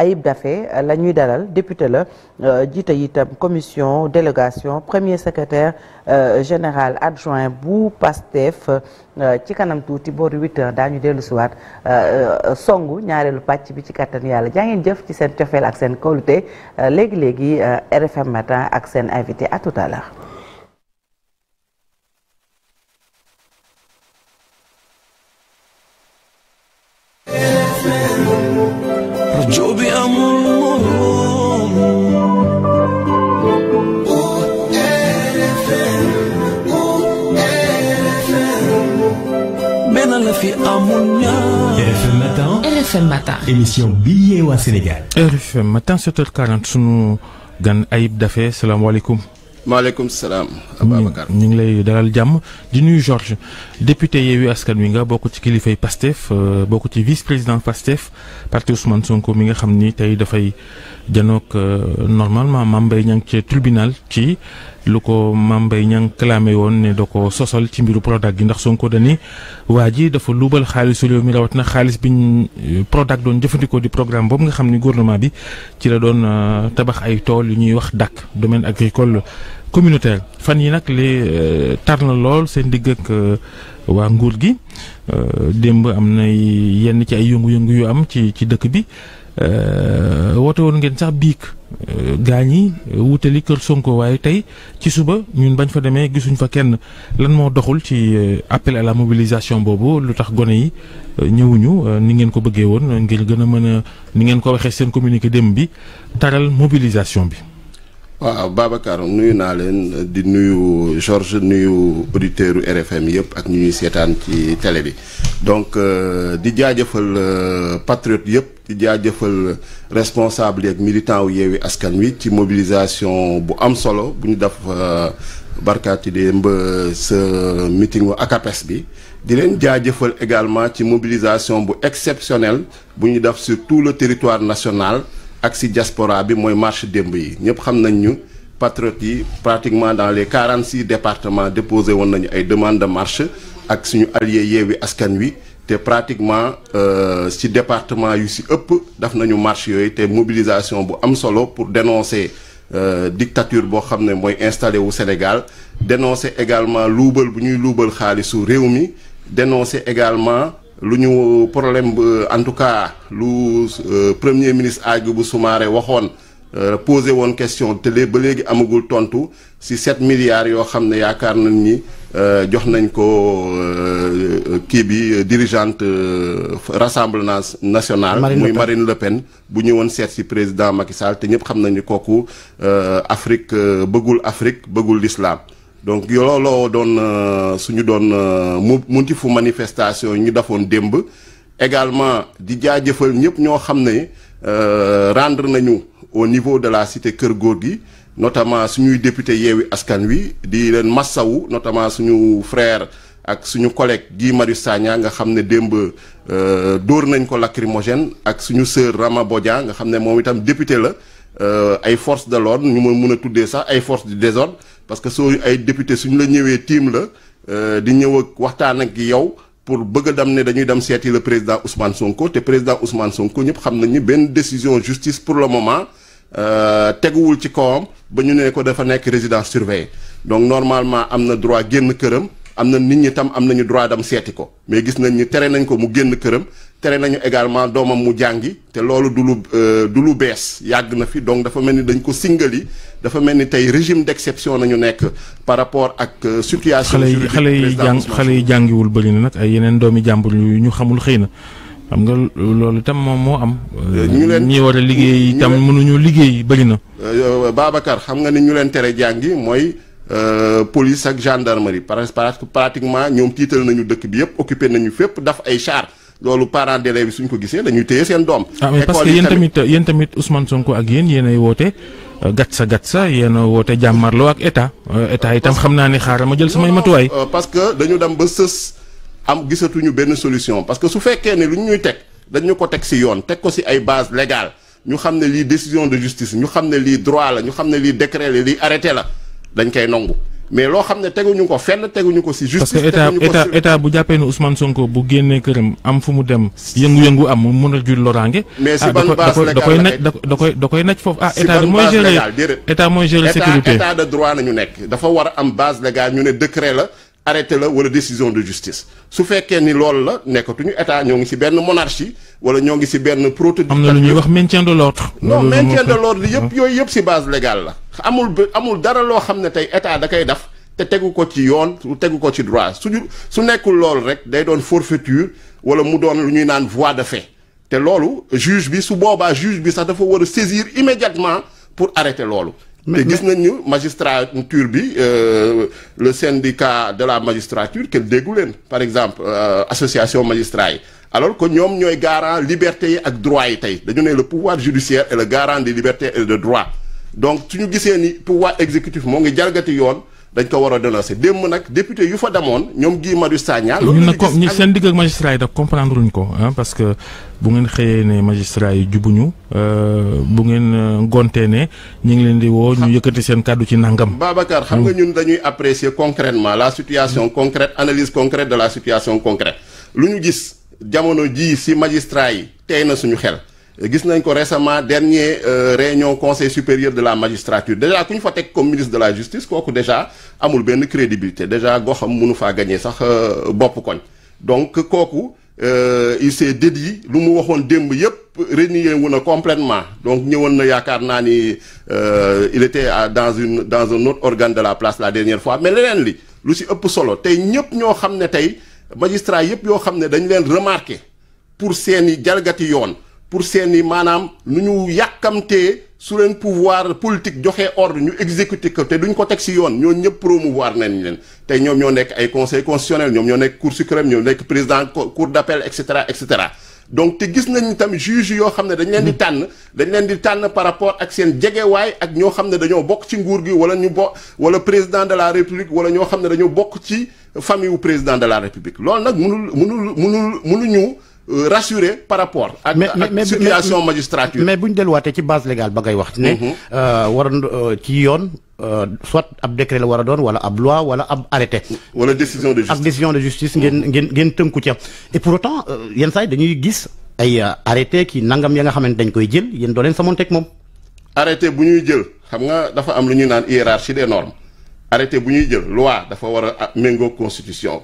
Ayib Daffé euh, la ñuy dalal député la euh, jiite itam commission délégation premier secrétaire euh, général adjoint bu PASTEF ci kanam tuuti boori 8h daañu dellu siwaat songu ñaareelu pàcc bi ci kattan yàlla jaa ngeen jëf ci seen cofeel ak seen kóolute léegi léegi RFM matin ak seen invité à ارجو بامرهم benn la fi amul ñaar. RFM matin RFM matin. émission bi yeewaa Sénégal. RFM matin 7h40 sunu gan Ayib Daffé salaamaaleykum. maaleykum salaam. Ababacar ñu ngi lay dalal jàmm di nuyu Georges député Yewwi Askan Wi nga bokk ci kilifay Pastef euh, bokk ci vice président Pastef parti Ousmane Sonko mi nga xam ni tey dafay janook euh, normalement mambay Mbaye Niang ci tribunal ci lu ko Mame Mbaye Niang clamé woon ne doo ko sosal ci mbiru Prodac gi ndax Sonko dani waa ji dafa luubal xaalisu réew mi rawatina xaalis biñ euh, Prodac doon jëfandikoo di programme boobu nga xam ni gouvernement bi ci la doon tabax ay tool yu ñuy wax DAC domaine agricole. communautaire fan yi nag les euh, tar na lool seen digg ak euh, waa nguur gi euh, démb am na yenn ci ay yëngu-yëngu yu am ci ci dëkk bi woote woon ngeen sax biig gaañ yi wutali kër Sonko waaye tey ci suba ñun bañ fa demee gisuñ fa kenn lan moo doxul ci appel à la mobilisation boobu lu tax gone yi ñëwuñu ni ngeen ko bëggee woon ngir gën a mën a ni ngeen ko waxee seen communiqué démb bi taral mobilisation bi. waaw Babacar nuyu naa leen di nuyu Georges nuyu auditeurs RFM yëpp ak ñu ñuy seetaan ci télé bi donc euh, di jaajëfal euh, patriote yëpp di jaajëfal responsable yeeg militant wu yeewi askan wi ci mobilisation bu am solo bu ñu def euh, barkaati démb sa meeting ak ACAPES bi di leen jaajëfal également ci mobilisation bu exceptionnelle bu ñu def sur tout le territoire national ak si diaspora bi mooy marche démb yi ñëpp xam nañ ñu patriotes yi pratiquement dans les quarante six départements déposé woon nañu ay demande de ak suñu allié Yewwi Askan Wi te pratiquement ci euh, département yu si ëpp daf nañu marche yooyu te mobilisation bu am solo pour dénoncer euh, dictature boo xam ne mooy installé wu Sénégal dénoncer également luubal bu ñuy luubal xaalisu réew mi dénoncer également lu ñu problème euh, en tout cas lu euh, premier ministre Hadjibou Soumaré waxoon euh, posé woon question télé ba léegi amagul tontu si sept milliards yoo xam ne yaakaar nañ ni jox nañ ko kii bi dirigeante rassemblement national muy Marine Le Pen bu ñëwoon seet si président Macky Sall te ñëpp xam nañu kooku Afrique bëggul Afrique bëggul lislaam donc looloo doon euh, suñu doon euh, mu muntifu manifestation yi ñu dafoon démb également di jaajëfal ñëpp ñoo xam ne euh, rendre nañu au niveau de la cité Kër Góor gi notamment suñuy député Yewwi Askan Wi di leen massawu notamment suñu frère ak suñu collègue Guy Marius Sagna nga xam ne démb dóor nañ ko lacrymogène ak suñu sœur Rama Bodian nga xam ne moom itam député la ay force de l'ordre ñu ma mun a tuddee sax ay force du désordre parce que soo ay député suñu la ñëwee tiim la euh, di ñëw ak waxtaan ak gi yow pour bëgg a dem ne dañuy dem seeti le président Ousmane Sonko te président Ousmane Sonko ñëpp xam nañu benn décision justice pour le moment euh, teguwul ci kawam ba ñu ne ko dafa nekk résidence surveillée donc normalement am na droit génn këram. am na nit ñi tam am nañu droit dam seeti ko mais gis nañ ni tere nañ ko mu génn këram tere nañu également doomam mu jàngi te loolu du lu euh, du lu bees yàgg na fi donc dafa mel ni dañ ko singali dafa mel ni tey régime d'exception nañu nekk par rapport ak euh, situation juridique xale yi jàng xale yi jàngiwul bëri na nag ay yeneen doomi jàmbur yu ñu xamul xëy na xam nga loolu itam moom moo am. Euh, ñu leen ñi war a liggéey itam mënuñu liggéey bëri na. Babacar xam nga ni ñu leen tere jàngi mooy. Euh, police ak gendarmerie parce que pratiquement ñoom tiital nañu dëkk bi yëpp occupé nañu fépp daf ay char loolu parents d'élèves bi suñ ko gisee dañuy téye seen doom. ah mais parce que yéen tamit yéen son ko Sonko ak yéen yéenay woote euh, gatsa gatsa yéen a woote jàmmarloo ak état euh, état itam xam naa ne xaaral ma jël samay matuwaay. parce que dañu dem ba sës am gisatuñu benn solution parce que su fekkee ne lu ñuy teg dañu ko teg si yoon teg ko si ay base légale ñu xam ne lii décision de justice ñu xam ne lii droit la ñu xam ne lii décret la lii la. dañ koy nangu mais loo xam ne teguñu ko fenn teguñu ko si justice parce que état état état bu jàppee ne Ousmane Sonko bu génnee këram am fu mu dem yëngu-yëngu am mu mën a jur loraange mais si ah, ban base légale la da koy da koy da koy naj foofu ah état mooy gérer état mooy gérer sécurité état de droit nañu nekk dafa war a am base légale ñu ne décret la arrêté la wala décision de justice su fekkee ni loolu la nekkatuñu état ñoo ngi ci benn monarchie wala ñoo ngi ci benn proto am na lu wax maintien de l'ordre non maintien de l'ordre yëpp yooyu yëpp ci base légale la amul amul dara loo xam ne tey état da koy def te tegu ko ci yoon tegu ko ci droit suñu su nekkul loolu rek day doon forfaiture wala mu doon lu ñuy naan voie de fait te loolu juge bi su boobaa juge bi sax dafa war a saisir immédiatement pour arrêter loolu mais gis nañu magistrature bi euh, le syndicat de la magistrature kenn déggu leen par exemple euh, association magistrat yi alors que ñoom ñooy garant liberté yi ak droit yi tey dañu ne le pouvoir judiciaire est le garant des libertés et de droit donc suñu gisee ni pouvoir exécutif moo ngi jalgati yoon dañ ko war a démb nag député yu fa demoon ñoom Guy Marius Sagna. loolu la ñu gis seen digg ak magistrat yi da comprendre luñ ko parce que bu ngeen xëyee ne magistrat yi jubuñu euh, bu ngeen euh, gontee ne ñu ngi leen di woo ñu yëkkati seen kàddu ci nangam. Babacar xam nga hmm. ñun dañuy apprécier concrètement la situation hmm. concrète analyse concrète de la situation concrète lu ñu gis jamono jii si magistrat yi tey na suñu xel. gis nañ ko récemment dernier euh, réunion conseil supérieur de la magistrature déjà ku ñu fa teg comme ministre de la justice kooku déjà amul benn crédibilité déjà goxam munu faa gagné sax euh, bopp koñ donc kooku euh, il s'est yi lu mu waxoon démb yépp renié wu na complètement donc ñëwoon na yaakaar naa ni il était dans une dans un autre organe de la place la dernière fois mais leneen li lu si ëpp solo tey ñëpp ñoo xam ne tey magistrat yëpp yoo xam ne dañ leen remarqué pour seeni jalgati yoon pour seeni maanaam lu ñu yàkkamtee su leen pouvoir politique joxe ordre ñu exécuter ko te duñ ko teg si yoon ñoo ñëpp promouvoir ñi leen te ñoom ñoo nekk ay conseil constitutionnel ñoom ñoo nekk cour suprême ñoo nekk président cour d'appel et cetera et cetera donc te gis nañ tamit juge yoo xam ne dañu leen di tànn dañu leen di tànn par rapport ak seen jegewaay ak ñoo xam ne dañoo bokk ci nguur gi wala ñu bo wala président de la république wala ñoo xam ne dañoo bokk ci famille président de la république loolu nag mënul mënul mënul mënuñu Euh, rassuré par rapport ak ak situation magistrature mais bu ñu delluwaatee ci base légale ba ngay wax ne mhm. euh, waroon euh, ci yoon soit ab décret la war a doon wala ab loi wala ab arrêté wala décision de justice ak décision de justice ngeen mhm. ngeen ngeen tënku ca et pour autant yenn saa yi dañuy gis ay arrêté ki nangam ya nga xamante dañ koy jël yéen doo leen teg moom arrêté bu ñuy jël xam nga dafa am lu ñuy naan des normes arrêté bu ñuy jël loi dafa war a ah, méngoo constitution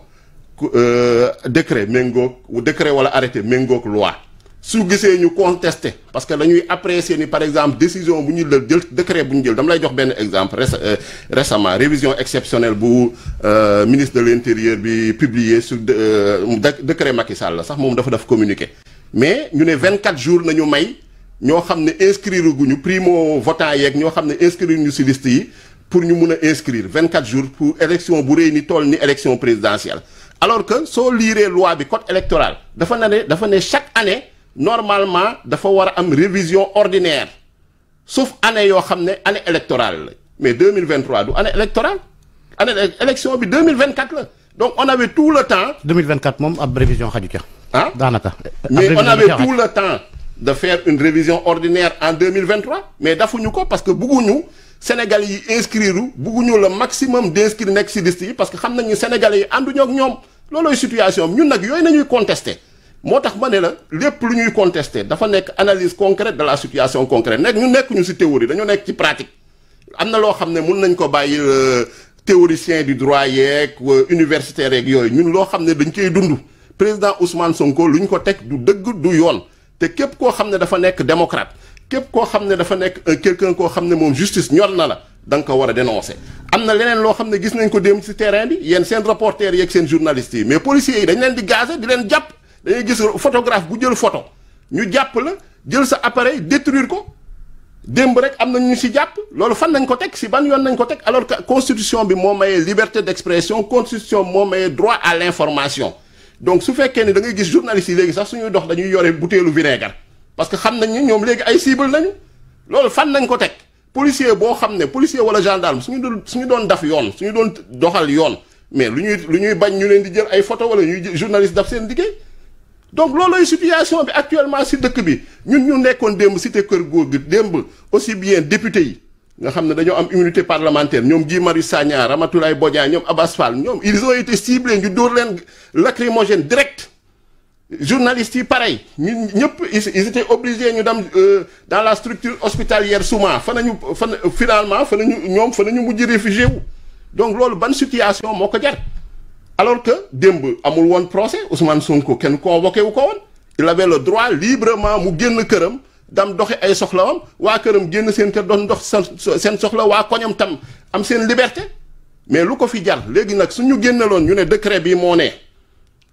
Euh, décret méngoog décret wala arrêté méngoog loi su gisee ñu contesté parce que dañuy apprécier ni par exemple décision bu ñu jël décret bu ñu jël dama lay jox benn exemple euh, récemment révision exceptionnelle bu euh, ministre de l'intérieur bi publié sur décret Macky Sall la sax moom dafa def communiqué mais ñu ne 24 jours nañu may ñoo xam ne inscrire guñu primo votant yeeg ñoo xam ne inscrire ñu ci liste yi pour ñu mun a inscrire 24 jours pour élection bu réy ni toll ni élection présidentielle alors que soo liiree loi bi code électoral dafa na ne dafa ne chaque année normalement dafa war a am révision ordinaire sauf année yoo xam ne année électorale la mais 2023 du année électorale année élection bi 2024 la donc on avait tout le temps. 2024 moom ab révision xaju ca. ah daanaka. mais on avait tout le temps de faire une révision ordinaire en 2023 mais dafuñu ko parce que bugguñu. Sénégal yi inscrire bugguñu la maximum d'inscrits nekk ci liste yi parce que xam nañu Sénégalais yi ànduñu ñoom loolooy situation ñun nag yooyu nañuy contester moo tax ma ne la lépp lu ñuy contester dafa nekk analyse concret de la situation concrète nekk ñu nekkuñu ñu ci théorie dañoo nekk ci pratique am na loo xam ne mun nañ ko bàyyi euh, théoricien du droit yeeg euh, universitaire yeeg yooyu ñun loo xam ne dañ koy dund président Ousmane Sonko lu ñu ko teg du dëgg du yoon te képp koo xam ne dafa nekk démocrate képp koo xam ne dafa nekk euh, quelqu'un koo xam ne moom justice ñor na la danga ko war a dénoncer am na leneen loo xam ne gis nañ ko démb ci terrain bi yéen seen reporters yeeg seen journalistes yi mais policiers yi dañ leen di gazé di leen jàpp dañuy gis photographe bu jël photo ñu jàpp la jël sa appareil détruire ko démb rek am na ñu ci jàpp loolu fan nañ ko teg ci ban yoon nañ ko teg alors que constitution bi moo mayee liberté d'expression constitution moo mayee droit à l'information donc su fekkee ni da ngay gis journalistes yi léegi sax suñuy dox dañuy yore butéelu vinaigre parce que xam nañ ni ñoom léegi ay cible nañu loolu fan nañ ko teg policier boo xam ne policier wala gendarme suñu doon suñu doon daf yoon suñu doon doxal yoon mais lu ñuy lu ñuy bañ ñu leen di jël ay photo wala ñuy journaliste daf seen liggéey donc loolooy situation bi actuellement si dëkk bi ñun ñu nekkoon démb cité kër góor gi démb aussi bien député yi nga xam ne dañoo am immunité parlementaire ñoom Guy Marius Sagna Ramatoulaye Bodian ñoom Abass Fall ñoom ils ont été ciblés ñu dóor leen lacrymogène direct journalistes yi pareil ñun ñëpp ils étaient obligés ñu dem euh, dans la structure hospitalière Souma fa nañu fan finalement fa ñu ñoom fa nañu mujj réfugié wu donc loolu ban situation moo ko jar alors que démb amul woon procès Ousmane sunk kenn convoqué wu ko woon il avait le droit librement mu génn këram dam doxe ay soxla waa këram génn seen kër doon dox seen soxla waa koñam tam am seen liberté mais lu ko fi jar léegi nag su suñu génneloon ñu ne décret bi moo ne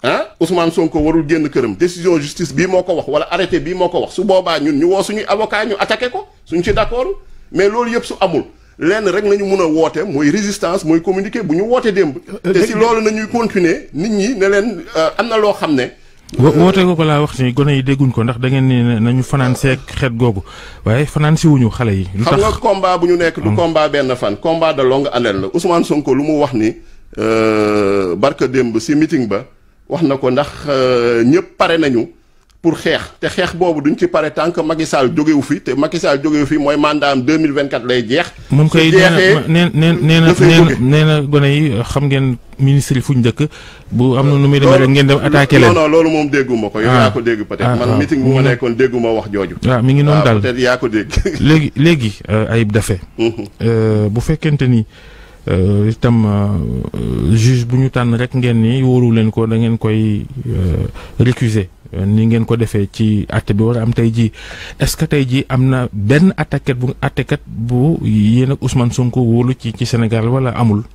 ah Ousmane Sonko warul génn këram décision justice bii moo ko wax wala arrêté bii moo ko wax su boobaa ñun ñu woo suñuy avocat ñu attaqué ko suñ ci d'accord mais loolu yëpp su amul lenn rek nañu mun a woote mooy résistance mooy communiqué bu ñu woote démb. Euh, te si loolu nañuy continuer nit ñi ne leen euh, am na loo xam ne. Euh, woote ko ko laa wax ni gone yi dégguñ ko ndax da ngeen ni nañu fanaan seeg xeet googu waaye fanaan si wuñu xale yi. lu tax xam bu ñu nekk du mm. combat benn fan combat de longue haleine la Ousmane Sonko lu mu wax ni barke démb si meeting ba. wax na ko ndax euh, ñëpp pare nañu pour xeex te xeex boobu duñ ci pare tànk que Macky jógewu fi te Macky Sall jógewu fi mooy mandat am 2024 lay jeex. moom koy nee na nee na nee na gone yi euh, xam ngeen ministre fu fuñ dëkk bu am na nu muy demee rek ngeen dem attaqué leen. non non loolu moom dégguma ko. Ah. yaa ko dégg peut-être ah, man ah. meeting bu ma nekkoon dégguma wax jooju. waaw mi ngi noonu daal peut-être yaa ko dégg. léegi léegi euh, Ayib Daffé. Mhm. bu fekkente ni. Euh, itam euh, euh, juge bu ñu tànn rek ngeen nii wóoru leen ko da ngeen koy récuser ni ngeen ko defee ci àtte bi war am tey jii est-ce que tey jii am na benn attaquet bu attaquet bu yéen ak Ousmane Sonko wóolu ci ci Sénégal wala amul.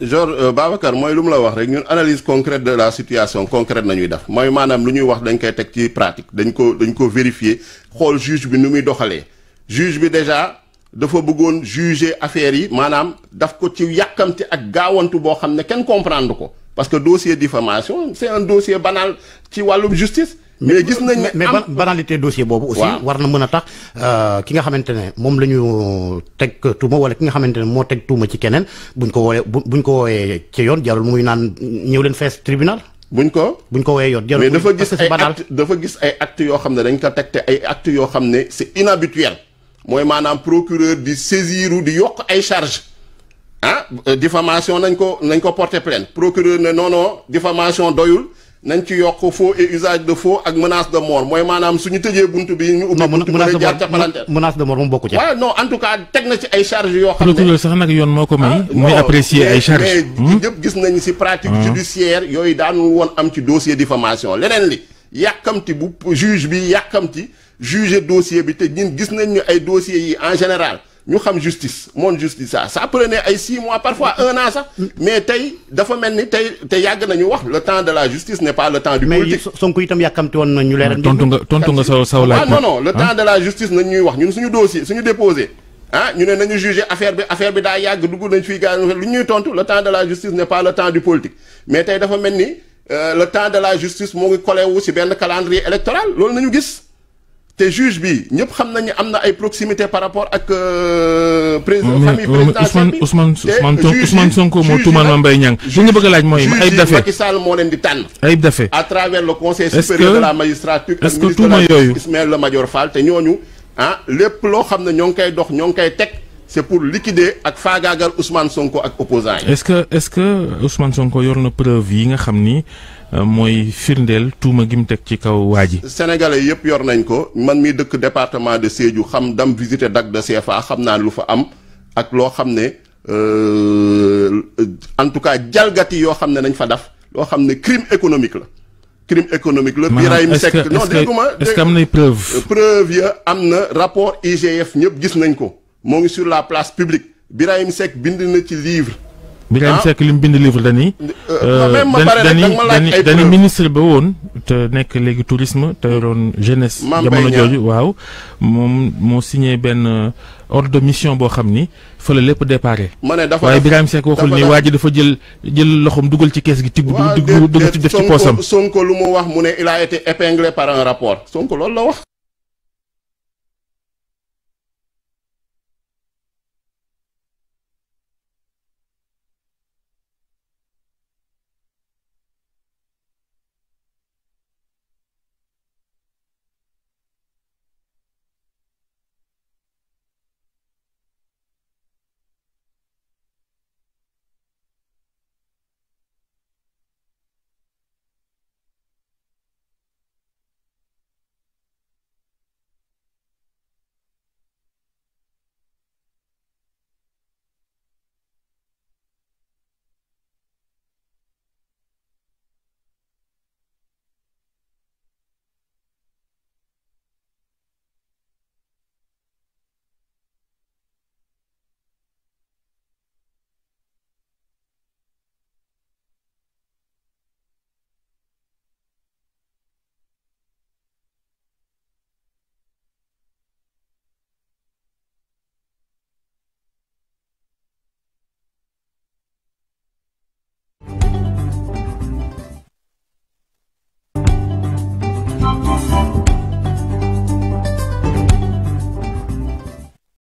Georges Babacar mooy lu mu la wax rek ñun analyse concrète de la situation concrète nañuy def mooy maanaam lu ñuy wax dañ koy teg ci pratique dañ ko dañ ko vérifier xool juge bi nu muy doxalee juge bi déjà. dafa bëggoon juger affaire yi maanaam daf ko ci yàkkamte ak gaawantu boo xam ne kenn comprendre ko parce que dossier diffamation c'est un dossier banal ci wàllum justice. mais gis nañ mais banalité dossier boobu. aussi war na mën a tax euh, ki nga xamante ne moom la ñu teg tuuma wala ki nga xamante ne moo teg tuuma ci keneen buñ ko wooyee buñ ko wooyee ci yoon jarul muy naan ñëw leen fees tribunal. buñ ko buñ ko wooyee yoon mais dafa gis ay acte dafa gis ay acte yoo xam ne dañ ko teg ay acte yoo xam ne c'est inhabituel. mooy maanaam procureur di saisiru di yokk ay charge ah euh, diffamation nañ ko nañ ko porter plainte procureur ne non non diffamation doyul nañ ci yokk faux et usage de faux ak menace de mort mooy maanaam suñu tëjee bunt bi ñu ubbi buntu mën a jaar ca palanteer menace de mort moom bokku ci waaw non en tout cas teg na ci ay charges yoo xam ne procureur sax nag yoon moo ko may ah, muy apprécier ay charges hmm? gis nañ si pratique hmm. judiciaire yooyu daanu woon am ci dossier diffamation leneen li yàkkamti bu juge bi yàkkamti juger dossier bi te ñun gis nañ ñu ay dossiers yi en général ñu xam justice moom justice ça ça prenait ay six mois parfois un an sax mais tey dafa mel ni tey te yàgg nañu wax le temps de la justice na ñu leeral tontu nga tontu nga saw saw laaj ah, non non le temps de la wax ñun suñu dossier suñu déposé ah ñu ne daa yàgg dugg nañ fii gaañ lu ñuy tontu le temps de la justice n'est pas le temps du politique mais tey dafa mel ni euh, le temps de la justice moo ngi collé wu benn calendrier électoral loolu nañu gis te juge bi ñëpp xam nañu am na ay proximité par rapport ak euh, président famille euh, présidentielle bi Ousmane Ousmane Ousmane Sonko moo tuumal Mame Mbaye Niang li ñu bëgg a laaj mooy Ayib Daffé Macky moo leen di tànn Ayib Daffé à travers le conseil supérieur de la magistrature ak ministre Ismaïla Madior Fall te ñooñu ah, lépp loo xam ne ñoo ngi koy dox ñoo ngi koy teg c'est pour liquider ak faagaagal Ousmane Sonko ak opposants yi est-ce que est-ce Sonko yor na preuve yi nga xam nii mooy firndeel tuuma gi mu teg ci kaw waa ji. sénégalais yëpp yor nañ ko man mi dëkk département de Sédhiou xam dam visité DAC de CFA xam naa lu fa am ak loo xam ne euh, en tout cas jalgati yoo xam ne nañ fa def loo xam ne crime économique la. kirim économique la Birahim Seck non dégguma est-ce que am nay ya am na rapport IGF ñëpp gis nañ ko moo ngi sur la place publique Birahim Seck bind na ci livre Birahim ah. Seck li mu bind livre dañuy. dañuy dañuy ministre ba woon. te nekk léegi tourisme te yoroon jeunesse. jamono jooju waaw. moom moo signé benn euh, ordre de mission boo xam ni fa la lépp déparé. ma ne dafa waaye Birahim Seck waxul ni waa ji dafa jël jël loxoom dugal ci kees gi. tibb dugg dugg def ci poosam. Sonko lu mu wax mu ne il a été épinglé par un rapport Sonko loolu la wax.